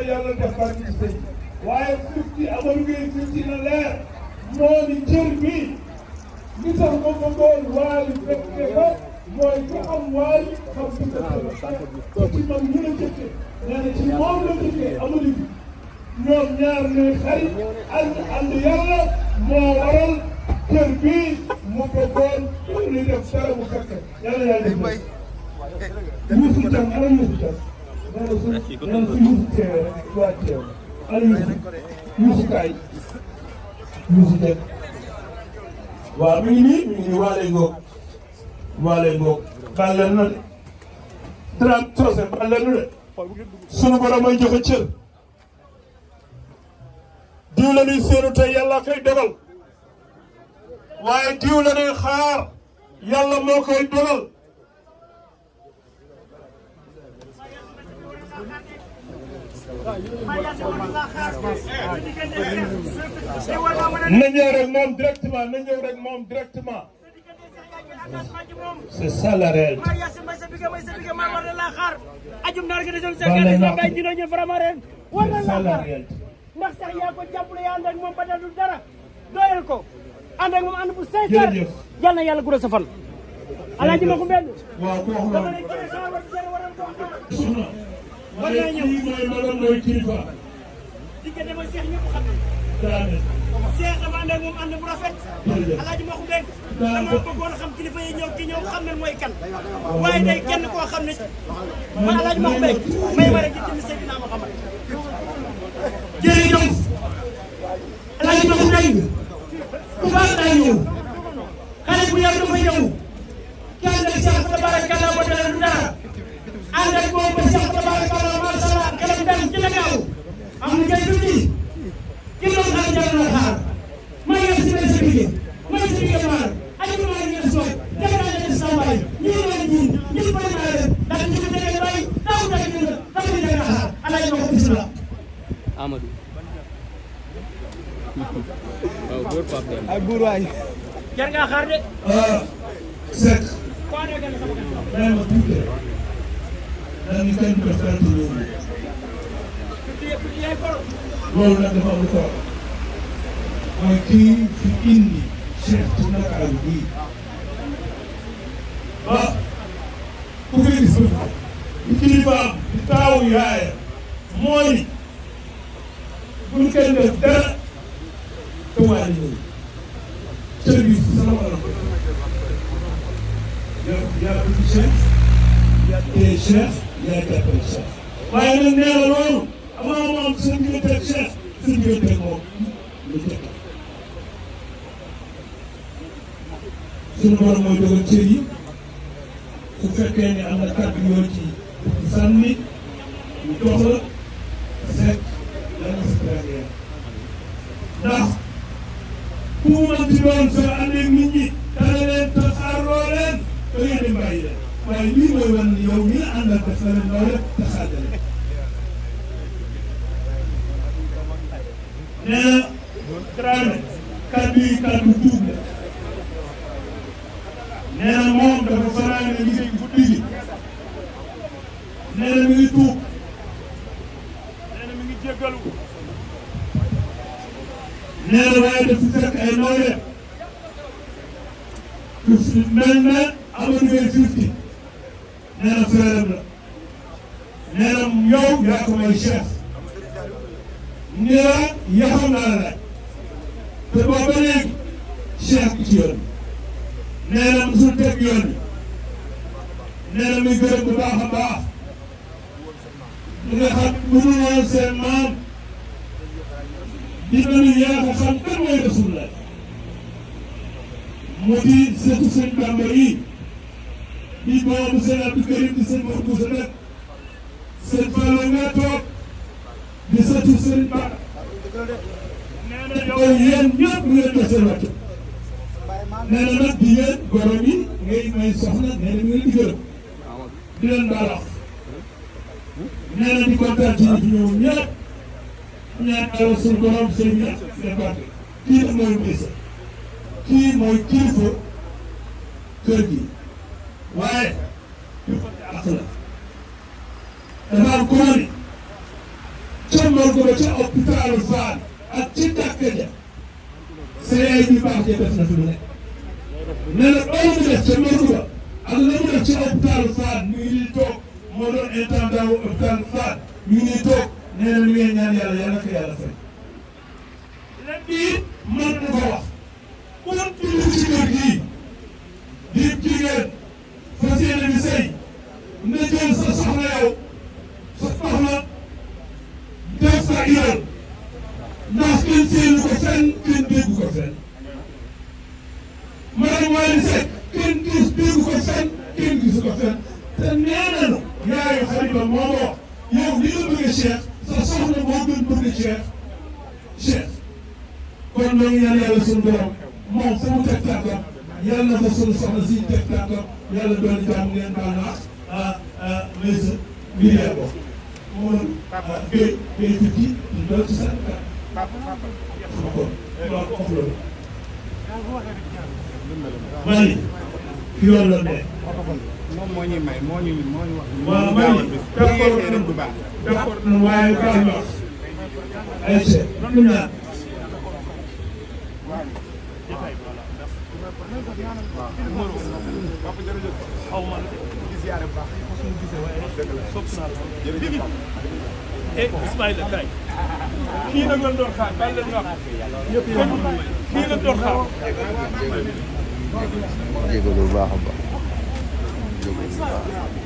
na yàlla def barke ci sëñ waaye Mufti Amadou Gueye Fifty na leer moo di cër bi li tax ma ko doon waali fekke ko mooy ku am waali xam si ko ah, ci man mën a jëkkee nee na ci moom la jëkkee Amadou bi ñoom ñaar ñooy xarit ànd ànd yàlla moo waral kër bii mu ko doon li def dara mu fekke yàlla yàlla def Youssou Thiam ana Youssou Thiam waa teew Aliou Youssou kaay Youssou teg waaw mi ngi nii mi ngi nii waa lay ngoog waa lay ngoog baal leen na de trente soose baal leen na de sunu xaar yàlla moo koy dogal na ñëw rek moom directement na ñëw rek moom directement. c'est ça la réalité. c'est ça la ndax sax yaa ko jàppale yaa ànd moom ba dara dara doyal ko ànd moom ànd bu sincère yal na yàlla guddal sa fan. alaaji ma ko war naa ñëw mais kii mooy magam mooy kilifa. diggante mooy seex ñëpp xam nañu. seex dafa ànd ak moom ànd bu rafet. jërëjëf alaaji ma ko dégg. dama bëggoon xam kilifa yi ñëw ki ñëw xam nañ mooy kan. Ah, waaye day kenn koo xam ne. ma alaaji ma ko dégg may ma rek di jënd Seydina Muhammad. jërëjëf alaaji ma ko dégg. waaw góor Pape Demba ak góor waay. jar ngaa xaar de. Ah, Seck. nee ma tuuti rek. dañu kenn ku def gàncax loolu. loolu nag dafa am lu ko war. mooy kii fi indi Cheikh ci Ndakaaru bii. waaw. Ah, ku fi gis nga. kilifaam di taawu yaayam. mooy. buñ kenn def dara. te waa ji waaye nag nee na loolu amaa mu am seen diggante ak Cheikh seen diggante ak moom lu jot suñu borom mooy dogal cër yi su fekkee ne am na kàddu yoo ci sànni ñu jox lan nga si tuumal bi doon soo amee nit ñi dana leen tasaaroo leen ba nga dem bàyyi leen waaye lii mooy wan yow mi la àndal def la leen loole tasaaroo leen. nee na Dramé kaddu yi kaddu tuub la nee na moom dafa fanaane liggéey guddi gi nee na mi ngi tuub. nee na waaye daf fekk ay nawle ku fi mel ne Amadou Gueye Fifty nee na frère la nee na yow yaa ko may chef nee na yaxam naa la laaj te boo ba léegi chef bi ci yoon bi baax baax li nga xam mënul seen maam. di bëri yaa ko xam kan mooy Rasulullah mu di sëtu sëñ Bàmba yi di boobu sëñ Abdou Karim di sëñ Mor Moussa nag sëñ Fallou nga toog di sëtu sëñ Ba nee na yow yéen ñëpp ngeen def seen wàcc nee na nag di yéen gorom yi ngay may soxna nee na ngeen di gërëm di leen baal wax nee na di kontaan ci ñi fi ñëw ñëpp ñaan yàlla suñu borom sëñ bi dafa kii la mooy mbisa kii mooy kilifa kër gi waaye ñu fàtte àq ca morgue ba ca hôpitalu Fann ak ci dàkk ja CI bi baax ja def na fi mu nekk nee na bala mu ca morgue ba la mu def ca hôpitalu Fann mi ngi nii moo doon intendant wu hôpitalu Fann mi ngi nee na li ngeen ñaan yàlla yàlla na ko yàlla fay. ren bii mën na ko na jël sa soxna yow. sa soxna. def sa iral. ndax kenn séenu ko fenn kenn déggu ko fenn. madame Waly Seck kenn gis déggu ko fenn kenn gisu ko fenn te nee nañu. yaayu xarit ba moo wax yow te soxna moo gën bëgg Cheikh Cheikh kon ñoo ngi ñaan yàlla suñu borom moom fu mu teg tànkam yàlla na fa suñu soxna si teg tànkam yàlla doon jàmm ngeen baal na ah ah les lii yaa ko moom béy béy tukki di doon ci sànq ah kon waaw wax loolu. maa ngi. yoon la nekk. moom moo ñuy may moo ñuy moo ñuy wax. waaw may d'accord nañu waaye kaay ñu wax. ayca ñu naan. eh Ismaïla kay kii nag la doon xaar bàyyi leen nga xam kii la doon xaar jégalu bu baax a baax jégalu bu baax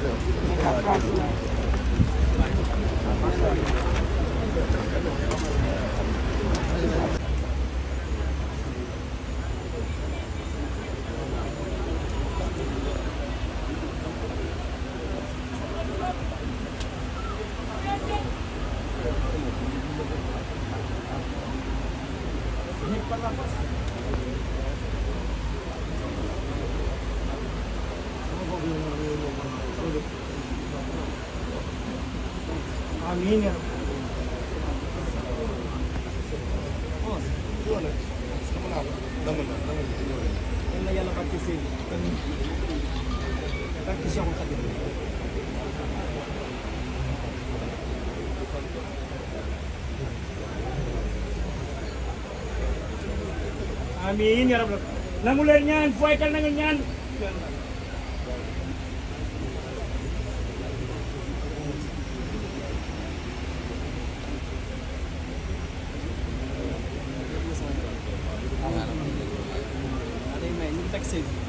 Thank you. par la force. amiin ya Yàlla barke seen barke Seexul Xadiim amiin ya rabbal nangu leen ñaan fooy kan nangu ñaan Thank you.